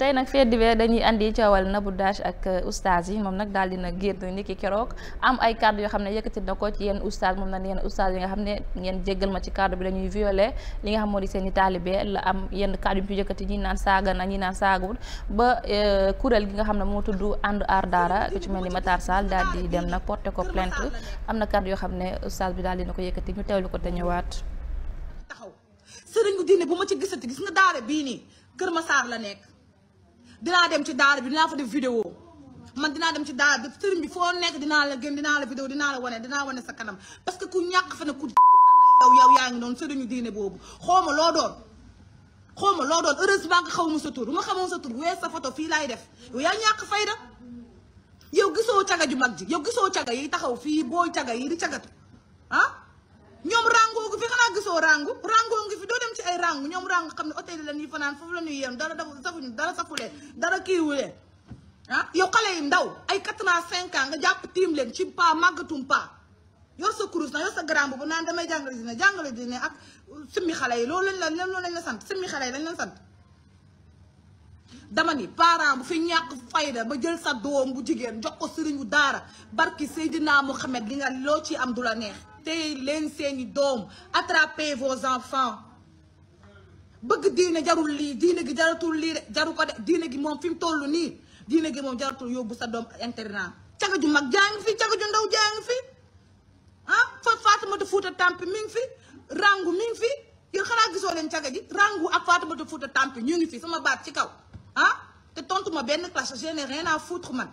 tey nag fête d'hiver dañuy andi coowal Nabou Dash ak euh, oustaz yi moom nag daal dina génn niki keroog am ay kàddu yoo xam ne yëkkati na ko ci yenn oustaz moom na yenn oustaz yi nga xam ne ngeen jéggal ma ci kàddu bi dañuy violer li nga xam moo i taalibe la am yenn kàddu yu ci yëkkati naan saaga na ñi naan saagul ba euh, kuréel gi nga xam ne moo tudd ànd aar daara ku ci mel ni Matar Sall daal di dem nag porté ko plainte am na kàddu yoo xam ne oustaz bi daal dina ko yëkkati ñu teewlu ko te ñëwaat. sëriñu diine la nekk dinaa dem ci daara bi dinaa fa def vidéo mag dinaa dem ci daal bi sëriñ bi foo nekk dinaa la gën dinaa la vidéo dinaa la wane dinaa wane sa kanam parce que ku ñàkk fa ne ku yow yow yaa ngi noonu sëriñu diine boobu xaw ma loo doon xaw ma loo doon heureusement que xawuma sa tur bu xamoon sa tur wees fii laay def yow yaa ñàkk fayda yow gisoo caga ju mag ji yow gisoo caga yi taxaw fii booy caga yi di cagatu ah ñoom rango gu fi xanaa gisoo rango rango ràng ñoom ràng xam ne hôtel yi la ñuy fanaan foofu la ñuy yem dara dafa safuñu dara safuleen dara kiiwuleen ah yow xale yi ndaw ay quatre ans cinq jàpp tiim leen ci pa màggatum pa yor sa kurus sa grand boobu naan damay jàngale dina jàngale dina ak simmi xale yi loolu lañ la loolu lañ la sant simmi xale yi lañ la sant dama ni parent bu fi ñàkk fayda ba jël sa doom bu jigéen jox ko sëriñu daara barki Seydina Mohamed li nga loo ci am du neex téye leen seeni doom attrapez vos enfants bëgg diine jarul lii diine gi jaratul lii de jaru ko de diine gi moom fi mu toll nii diine gi moom jaratul yóbbu sa doom internat caga ju mag jaa ngi fi caga ju ndaw jaa ngi fi ah, fa Faatumata Fuuta Tampi mi ngi fi rangu mi ngi fi yéen xanaa gisoo leen caga rangu ak Faatumata Fuuta Tampi ñu ngi fi sama baat ci kaw ah te tontu ma benn classe je n'ai rien à foutre man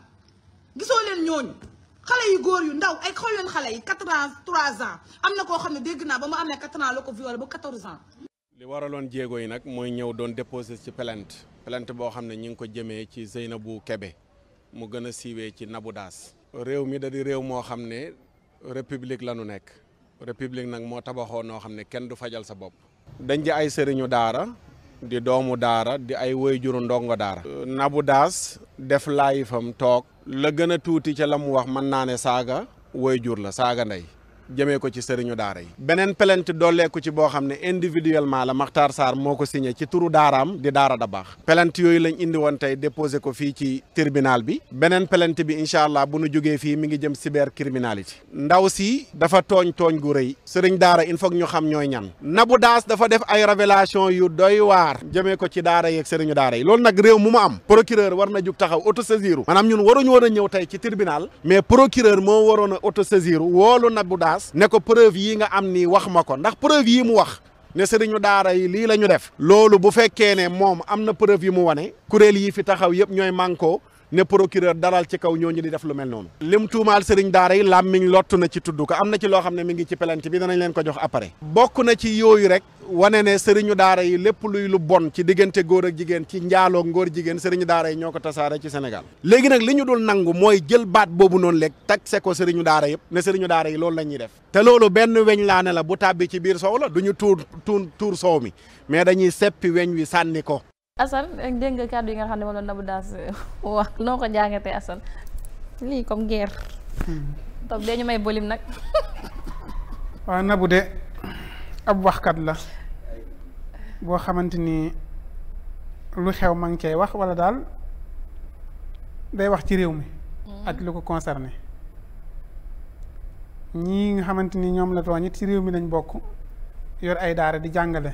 gisoo leen ñooñu xale yu góor yu ndaw ay xool leen xale yi quatre ans trois ans am na koo xam ne dégg naa ba mu amee quatre ans la ko violé ba quatorze ans li waraloon jéego yi nag mooy ñëw doon déposé ci plainte pelent boo xam ne ñu ngi ko jëmee ci bu kebe mu gën a siiwee ci nabu Daas réew mi da di réew moo xam ne république la nu nekk république nag moo tabaxoo noo xam ne kenn du fajal sa bopp dañ di ay sëriñu daara di doomu daara di ay wéyjuru ndongo daara nabu Daas def laayifam toog la gën a tuuti ca la mu wax mën naa ne saaga woy jur la saaga ndey jëmee ko ci sëriñu daara yi beneen pelent plainte ko ci boo xam ne individuellement la Makhtar saar moo ko signé ci turu am di daara da baax plainte yooyu la indi woon tey déposé ko fii ci tirbinal bi beneen pelent bi incha allah bu nu jógee fii mi ngi jëm cybercriminalité ndaw si dafa tooñ tooñ gu rëy sëriñ daara il faut ñu xam ñooy ñan Nabou Daas dafa def ay révélation yu doy waar jamee ko ci daara yeeg sëriñu daara yi loolu nag réew mu ma am procureur war na jug taxaw autosaisir maanaam ñun waruñu woon a ñëw tey ci tribunal mais procureur moo waroon a autosaisir woolu Nabou Daas Seras ne ko preuve yi nga am nii wax ma ko ndax preuve yi mu wax ne sëriñu daara yi lii la ñu def loolu bu fekkee ne moom am na preuve yi mu wane kuréel yi fi taxaw yëpp ñooy mànkoo ne procureur daral ci kaw ñooñu di def lu mel noonu lim tuumaal sëriñ daara yi làmmiñ lott na ci tudd ko am na ci loo xam ne mi ngi ci plainte bi danañ leen ko jox après bokk na ci yooyu rek wane ne sëriñu daara yi lépp luy lu bon ci diggante góor ak jigéen ci njaaloo ngóor jigéen sëriñu daara yi ñoo ko tasaare ci Sénégal léegi nag li ñu dul nangu mooy jël baat boobu noonu léeg taxe ko sëriñu daara yëpp ne sëriñu daara yi loolu la def te loolu benn weñ laa la bu tàbbi ci biir soow la du ñu tuur tuur tuur mi mais dañuy seppi weñ wi sànni ko Assane dégg nga kàddu yi nga xam ne moom la Nabou Daas wax noo ko jàngatee Assane lii comme guerre. toog dee ñu may bolim nag. waaw nabu de ab waxkat la boo xamante ni lu xew ma ngi cay wax wala daal day wax ci réew mi. ak lu ko concerné. ñii nga xamante ni ñoom la tooñit ci réew mi lañ bokk yor ay daare di jàngale.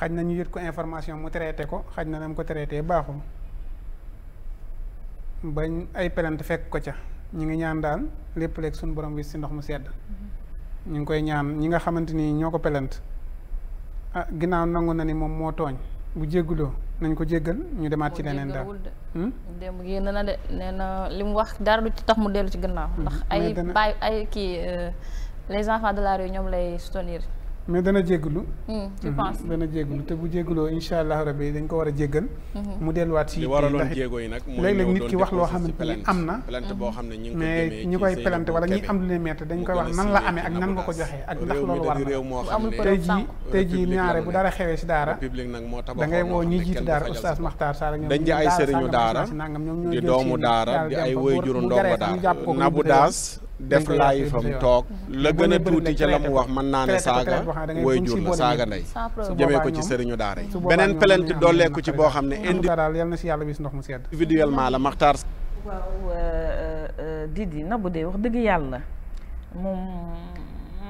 xaj na ñu yët ko information mu traité ko xaj na nam ko traité baaxul bañ ay plainte fekk ko ca ñu ngi ñaan daal lépp léeg suñu borom wis si ndox mu sedd ñu ngi koy ñaan ñi nga xamante ni ñoo ko plainte ah ginnaaw nangu na ni moom moo tooñ bu jégguloo nañ ko jéggal ñu demaat ci leneen daal hmm? démb gi na de nee na li mu wax dara du ci tax mu dellu ci gannaaw hmm. ndax ay baay ay kii euh, les enfants de la rue ñoom lay soutenir mais dana jéggalu hmm, je mhm. pense dana jéggalu te bu jéggaloo insha allah rabbi dañ ko war a jéggal mhm. mu delluwaat si léeg-léeg nit ki wax loo xamante ni am na mais ñi koy pelante wala ñi am lu ne metti dañ koy wax nan la amee ak nan nga ko joxee ak ndax loolu war na tey jii tey jii ñaare bu dara xewee si daara da ngay woo ñi jiitu daara oustaz Makhtar Sarr ñoom dañ di ay sëriñu daara di doomu daara di ay wayjuru ndongo daara nabu daas def laay fam toog la gën a tuuti ca la mu wax mën naa ne saaga woy jur la saaga ndey jëmee ko ci sëriñu daara yi beneen plainte dooleeku ci boo xam ne indi yal na si yàlla bis ndox mu sedd individuellement la di waaw euh, euh, Didi Nabou dee wax dëgg yàlla moom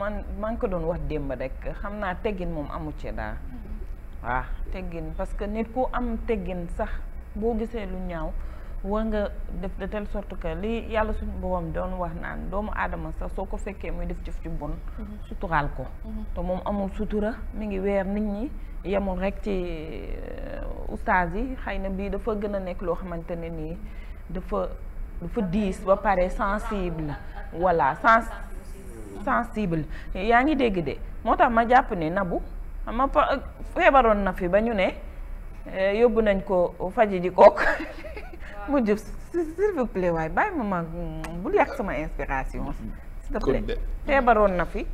man maa ngi ko doon wax démb rek xam naa teggin moom amu ci daa mm-hmm. waaw teggin parce que nit ku am teggin sax boo gisee lu ñaaw war nga def de telle sorte que li yàlla suñu borom doon wax naan doomu aadama sax soo ko fekkee muy def jëf ju bon mhm. suturaal ko mhm. te moom amul sutura mi ngi weer nit ñi yemul rek ci euh, ustaas yi xëy na bii dafa gën a nekk loo xamante ne nii dafa dafa diis ba pare sensible voilà sens sensible yaa ngi dégg de moo tax ma jàpp ne nabu ma feebaroon na ba ñu ne euh, yóbbu nañ ko faji ji kook mu jub s'il vous plaît waay bàyyi ma ma bu lekk sama inspiration. s'il vous plaît feebaroon na fi. ñu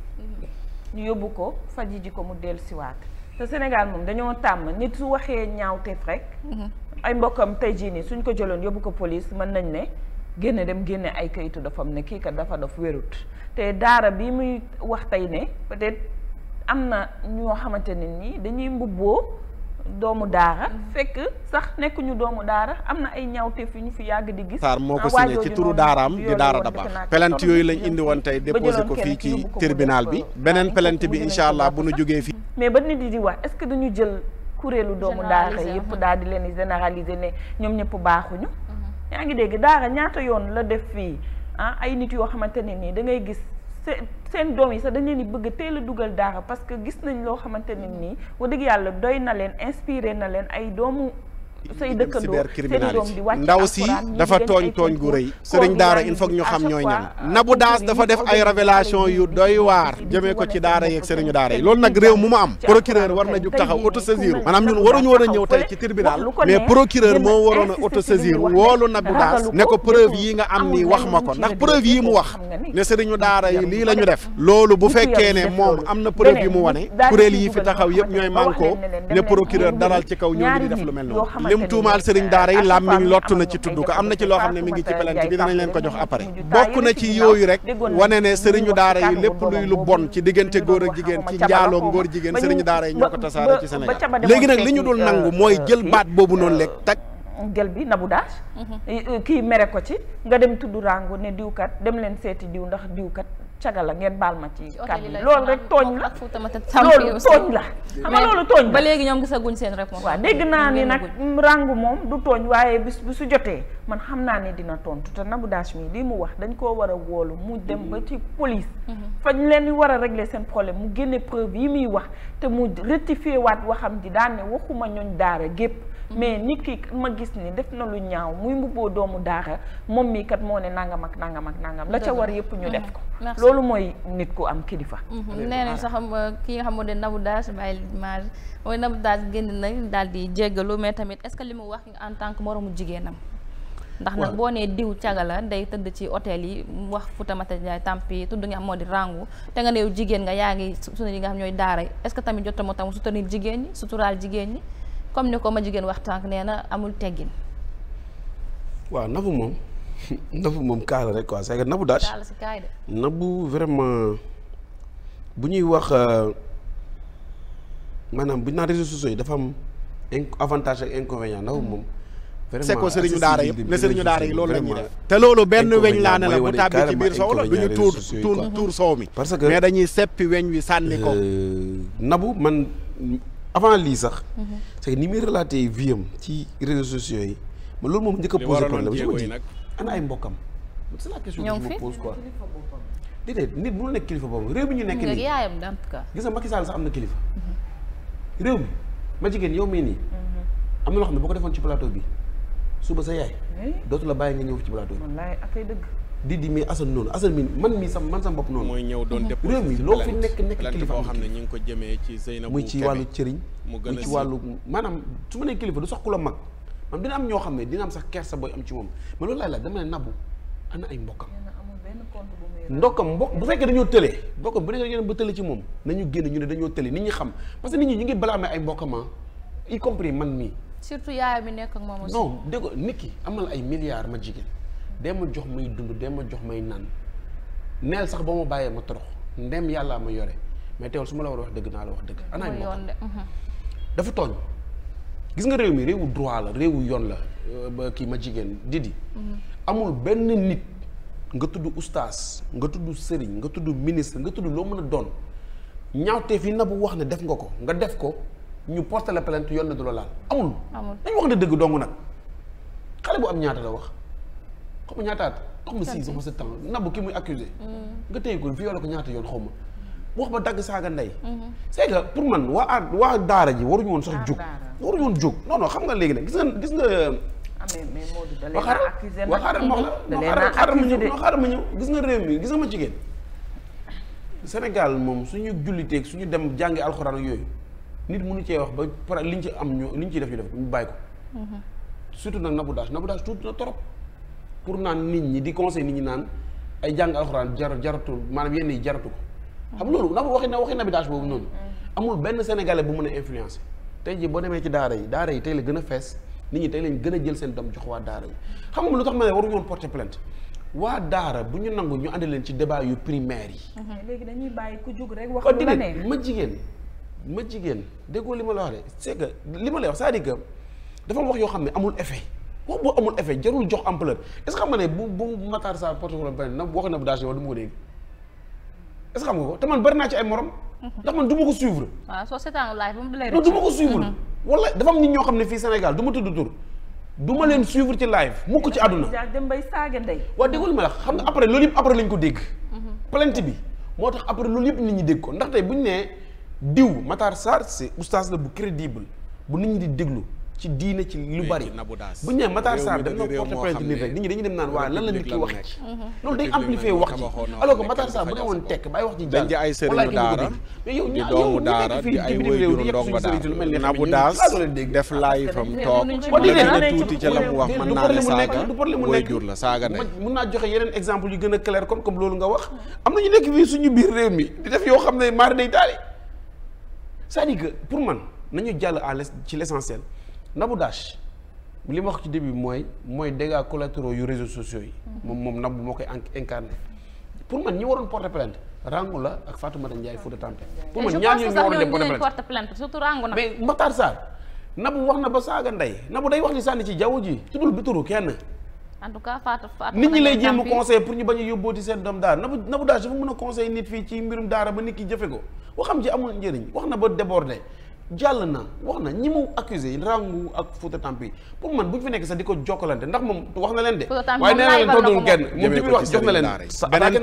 mm-hmm. yóbbu ko faji ji ko mu dellusiwaat te Sénégal moom dañoo tàmm nit su waxee ñaawteef rek. Mm-hmm. ay mbokkam tey jii nii suñ ko jëloon yóbbu ko police mën nañ ne génne dem génne ay kayitu dafam ne kii kat dafa dof wérut te daara bi muy wax tey ne peut-être am na ñoo xamante ne nii dañuy mbubboo. doomu daara fekk sax nekkuñu doomu daara am na ay ñawteef yu ñu fi yàgg di gis Sarr moo ko signé ci turu daaraam di daara da baax pelante yooyu lañ indi woon tey déposé ko fii ci tribunal bi beneen pelante bi incha allah bu nu jógee fii mais ba nit yi di wax est-ce que dañu jël kuréelu doomu daara yëpp daal di leen généraliser ne ñoom ñëpp baaxuñu mhm. yaa ngi dégg daara ñaata yoon la def fii ah ay nit yoo xamante ne nii da ngay gis seen doom yi sax dañ ni di bëgg teel a dugal daara parce que gis nañ loo xamante ne nii wax dëgg yàlla doy na leen inspiré na leen ay doomu say dëkkandoo seen doom di ndaw si dafa tooñ tooñ gu rëy sëriñ daara il faut ñu xam ñooy ñan euh, Nabou Daas dafa def ay révélation yu doy waar jëmee ko ci daara yeeg sëriñu daara yi loolu nag réew mu ma am procureur war na jug taxaw autosaisir maanaam ñun waruñu war a ñëw tey ci tribunal mais procureur moo waroon a autosaisir woolu Nabou Daas ne ko preuve yi nga am nii wax ma ko ndax preuve yi mu wax ne sëriñu daara yi lii la ñu def loolu bu fekkee ne moom am na preuve mu wane kuréel yi fi taxaw yëpp ñooy manko ne procureur ci kaw ñooñu lu mel noonu lim tuumaal sëriñ euh, daara yi làmmiñ lottu na ci tudd ko am na loo xam ngi ci pelante bi danañ leen ko jox après bokk na ci yooyu rek wane ne sëriñu daara yi lépp góor jigéen ci njaaloo ngóor jigéen sëriñu daara yi ñoo ko tasaare ci Sénégal léegi nag li ñu dul nangu euh, mooy jël baat euh, boobu noonu lekk tak gel bi nabu daas mhm. kii mere ko ci nga dem tudd rango ne diwkat dem leen seeti diw ndax diwkat caga la ngeen baal ma ci kàddu loolu rek tooñ la loolu tooñ la xam nga loolu tooñ la ba léegi ñoom gisaguñ seen réponse waaw dégg naa ni nag ràngu moom du tooñ waaye bis bu su jotee man xam naa ne dina tontu te Nabou Dash mi lii mu wax dañ koo war a woolu mu dem ba mm-hmm. ci police mm-hmm. fañ leen di war a régler seen problème mu génne preuve yi muy wax te mu rectifier waat waxam di daan ne waxuma ñooñ daara gépp mais nit ki ma gis ni def na lu ñaaw muy mbubboo doomu daara moom mii kat moo ne nangam ak nangam ak nangam la ca war yëpp ñu def ko loolu mooy nit ku am kilifa mhm. nee nañ sax euh, ki nga xam moo de Nabou Dash bàyyi image mooy Nabou Dash génn na daal di jéggalu mais tamit est-ce li mu wax en tant que moromu jigéenam ndax nag boo nee diw caga la day tëdd ci hôtel yi wax Fouta Mata Ndiaye tampi tudd nga xam moo di rangu te nga ne jigéen nga yaa ngi sunu yi nga xam ñooy daara est-ce tamit jot na moo tam soutenir jigéen ñi suturaal jigéen ñi comme ni ko ma jigéen wax tànk nee na amul teggin. waaw nabu moom nabu moom kaa la rek quoi c'est que nabu daal nabu vraiment bu ñuy wax euh, maanaam bu ñu naan réseaux sociaux yi dafa am avantage ak inconvénient nabu moom. c'est que sëriñu daal yi loolu la ñuy def te loolu benn weñ laa ne la bu tàbbi biir soow la du tuur tuur soow mi parce que mais dañuy seppi weñ wi sànni ko euh, nabu man avant lii sax. Mhm. c'est que ni muy relaté vie am ci réseaux sociaux yi ma loolu moom a posé problème su ma ji ana ay mbokkam. c'est la question que je me pose quoi. déedéet nit mënul nekk mi ñu nekk nii. yaayam en tout mhm. mhm. bi suba sa yaay. dootu la bàyyi nga ñëw ci plateau bi. di di mais Assane noonu Assane mi man mi sam man sam bopp noonu. mooy ñëw doon déposé réew mi loo fi nekk nekk kilifa ne ñu ngi ko jëmee ci Zeynabou muy ci wàllu cëriñ mu gën a ci wàllu maanaam su am ñoo xam ne dina am sax kersa booy am ci moom ma loolu laay laaj dama ne nabu ay mbokkam ndokkam mbokk bu fekkee dañoo tële mbokkam bu nekkee dañoo dem ba tële ci moom nañu génn ñu ne dañoo tële nit ñi xam parce que nit ñi ñu ngi blâmer ay mbokkam ah, man mii surtout yaay mi nekk ak moom non dégg nit ki amal ay milliards ma jigéen dee ma jox may dund dee ma jox may naan neel sax ba mu bàyyee ma torox ndem yàllaa ma yore mais teewul su ma la war a wax dëgg naa la wax dëgg anaay moo mhm. dafa tooñ gis nga réew mi réewu droit la réewu yoon la euh, ba kii ma jigéen Didi mhm. amul benn nit nga tudd ustaas nga tudd sëriñ nga tudd ministre nga tudd loo mën a doon ñaawteef yi nabu wax ne def nga ko nga def ko ñu porté la yoon na du la amul dañu wax ne dëgg dong nag xale bu am ñaata la wax xaw ma ñaataat xaw ma six xaw ma sept ans mm. ko violé ko ñaata yoon xaw wax ba dagg saaga ndey mm-hmm. c'est que pour man a waa daara ji waruñu woon sax jóg waruñu woon jóg non xam nga léegi nag gis nga gis nga waxaaral waxaaral ma xaaral ma ñëw xaaral ma ñëw gis nga réew mi gis nga ma jigéen Sénégal moom suñu julliteeg ñu dem jàngi alxuraan ak yooyu nit mënu cee wax ba pare liñ ci am ñu liñ ciy def ñu def ñu bàyyi ko mm-hmm. surtout nag nabu daas nabu daas tuuti na torop pour naan nit ñi di conseil nit ñi naan ay jàng alxuraan jar jaratu maanaam yenn yi jaratu ko xam loolu na waxi na waxi nabitage boobu noonu mm. amul benn sénégalais bu mën a influencé tey jii boo demee ci daara yi daara yi tey la gën a fees nit ñi tey lañ gën a jël seen doom jox waa daara yi xam nga lu tax ma ne waruñu woon porter plainte waa daara bu ñu nangu ñu andi leen ci débat yu primaire yi. Mm-hmm. léegi dañuy bàyyi ku jug rek wax oh, lu la ne ma jigéen ma jigéen déggoo li ma la wax de c'est que li ma lay wax c'est-à-dire que dafa wax yoo xam ne amul effet. wax boo amul effet jarul jox ampleur est xam nga ne bu bu Matar Sarr porte problème beneen na bu daas ne wax ko dégg est xam nga ko te man bari naa ci ay morom. Mhm. ndax man du ko suivre. waaw soo seetaanul live ba ko suivre. Mhm. wala dafa am nit ñoo xam ne fii Sénégal du ma tudd tur. du ma leen suivre ci live mukk ci àdduna. dem bay saaga ndey. waa déggul ma la xam nga après loolu yëpp après lañ ko dégg. Mhm. plainte bi moo tax après loolu yëpp nit ñi dégg ko ndax tey bu ñu nee diw Matar Sarr c'est oustaz la bu crédible bu nit ñi di déglu. ci diine ci lu bari bu ñu nee Matar Sarr na porte plainte nit rek nit ñi dañuy dem naan waa lan la nit ki wax ci loolu day amplifier wax ci alors que Matar Sarr bu la ah, tuuti naa ne saaga du problème mu nekk jur a clair comme comme loolu nga wax am na ñu yoo xam ne maar day taali c'est-à-dire que pour man nañu jàll à ci l'essentiel nabu Dash li ma wax ci début mooy mooy dégâts collatéraux yu réseaux sociaux yi. Mm-hmm. moom moom Nabou moo koy incarné. pour man ñi waroon porter plainte Rango la ak Fatoumata Ndiaye Fouta Tampi. pour man ñaar ñu waroon dem wax na ba saaga ndey Nabou day wax li sànni ci jaww ji ci dul bi kenn. en tout cas Fatou Fatou nit ñi lay jéem conseil pour ñu bañ a yóbbooti seen doom daara Nabou Nabou Dash dafa mën a conseil nit fii ci mbirum daara ba nit ki jëfe ko waxam ci amul njëriñ wax na ba débordé jàll na wax na ñi mu accusé Rangou ak Fouta Tampi pour man bu fi nekk sax di jokkalante ndax moom wax de. waaye nee na leen tontuwul kenn moom ci biir wax jox na leen. beneen moo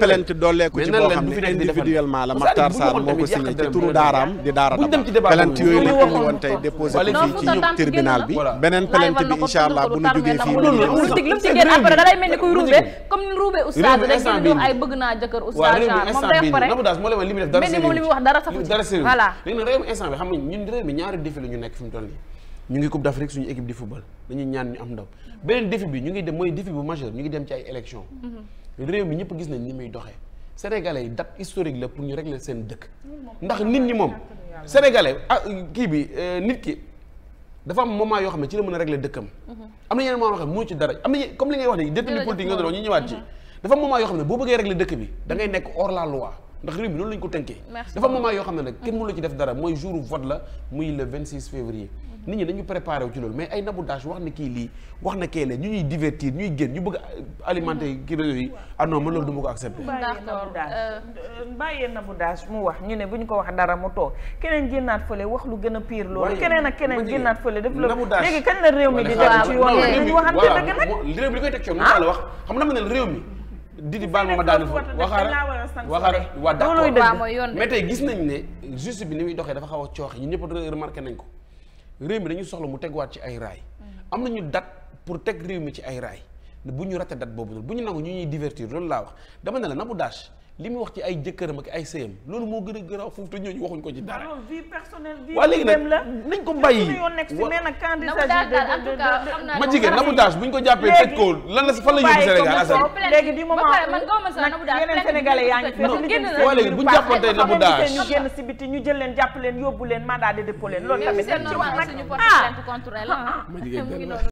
ko signé ci turu daaraam di daara dama plainte yooyu la ñu woon tey déposé fii ci tribunal bi beneen bi incha allah bu ñu jógee fii lu ci ngeen après da lay mel ni kuy ruube comme ni ruube oustaz rek ngeen di ay bëgg naa jëkkër oustaz mu wax réew mi ñaari défi la ñu nekk fi mu toll nii ñu ngi coupe d'Afrique suñu équipe di football dañuy ñaan ñu am ndam beneen défi bi ñu ngi dem mooy défi bu majeur ñu ngi dem ci ay élection mm-hmm. réew mi ñëpp gis nañ ni muy doxee sénégalais yi historique la pour ñu régler seen dëkk ndax nit ñi moom sénégalais ah, kii bi euh, nit ki dafa am moment yoo xam ne ci la mën a régler dëkkam mm-hmm. am na yeneen moment yoo xam ne ci dara am na comme li ngay wax ne détenu politique nga doon ñu ñëwaat ci dafa da ndax réew mi noonu lañ ko tënkee dafa moment yoo xam ne nag kenn mënu la ci def dara mooy jour vote la muy le 26 mhm. nit ñi dañu préparé ci loolu mais ay Nabou Dash wax na kii lii wax na kee ñu ñuy divertir ñuy génn ñu bëgg a alimenter mhm. kii réseau yi ah euh, mu wax ñu ne bu ñu ko wax dara mu toog keneen génnaat fële wax lu gën a pire loolu keneen ak keneen génnaat fële def la léegi kañ la réew mi di dem ci yoon ñu xam na ma ne réew mi Didi baal ma ma daanu fa waxaara waxaara waa d'accord mais tey gis nañ ne juste bi ni muy doxee dafa xaw a coox ñun ñëpp remarqué nañ ko réew mi dañu soxla mu tegwaat ci ay raay mm. am nañu date pour teg réew mi ci ay raay bu ñu raté date boobu noonu bu ñu nangu ñu ñuy divertir loolu laa wax dama ne la Nabou Dash li mu wax ci ay jëkkëram ak ay sëyam loolu moo gën a garaaw foofu te ñooñu waxuñ ko ci dara. alors vie personnelle vie waa léegi nag nañ ko bàyyi ma jigéen Nabou Dash buñ ko jàppee tëj ko lan la fan la yóbbu Sénégal léegi du moment yeneen sénégalais yaa ngi fi waa jël leen jàpp leen yóbbu leen mandat de dépôt leen loolu tamit ci wax nag ah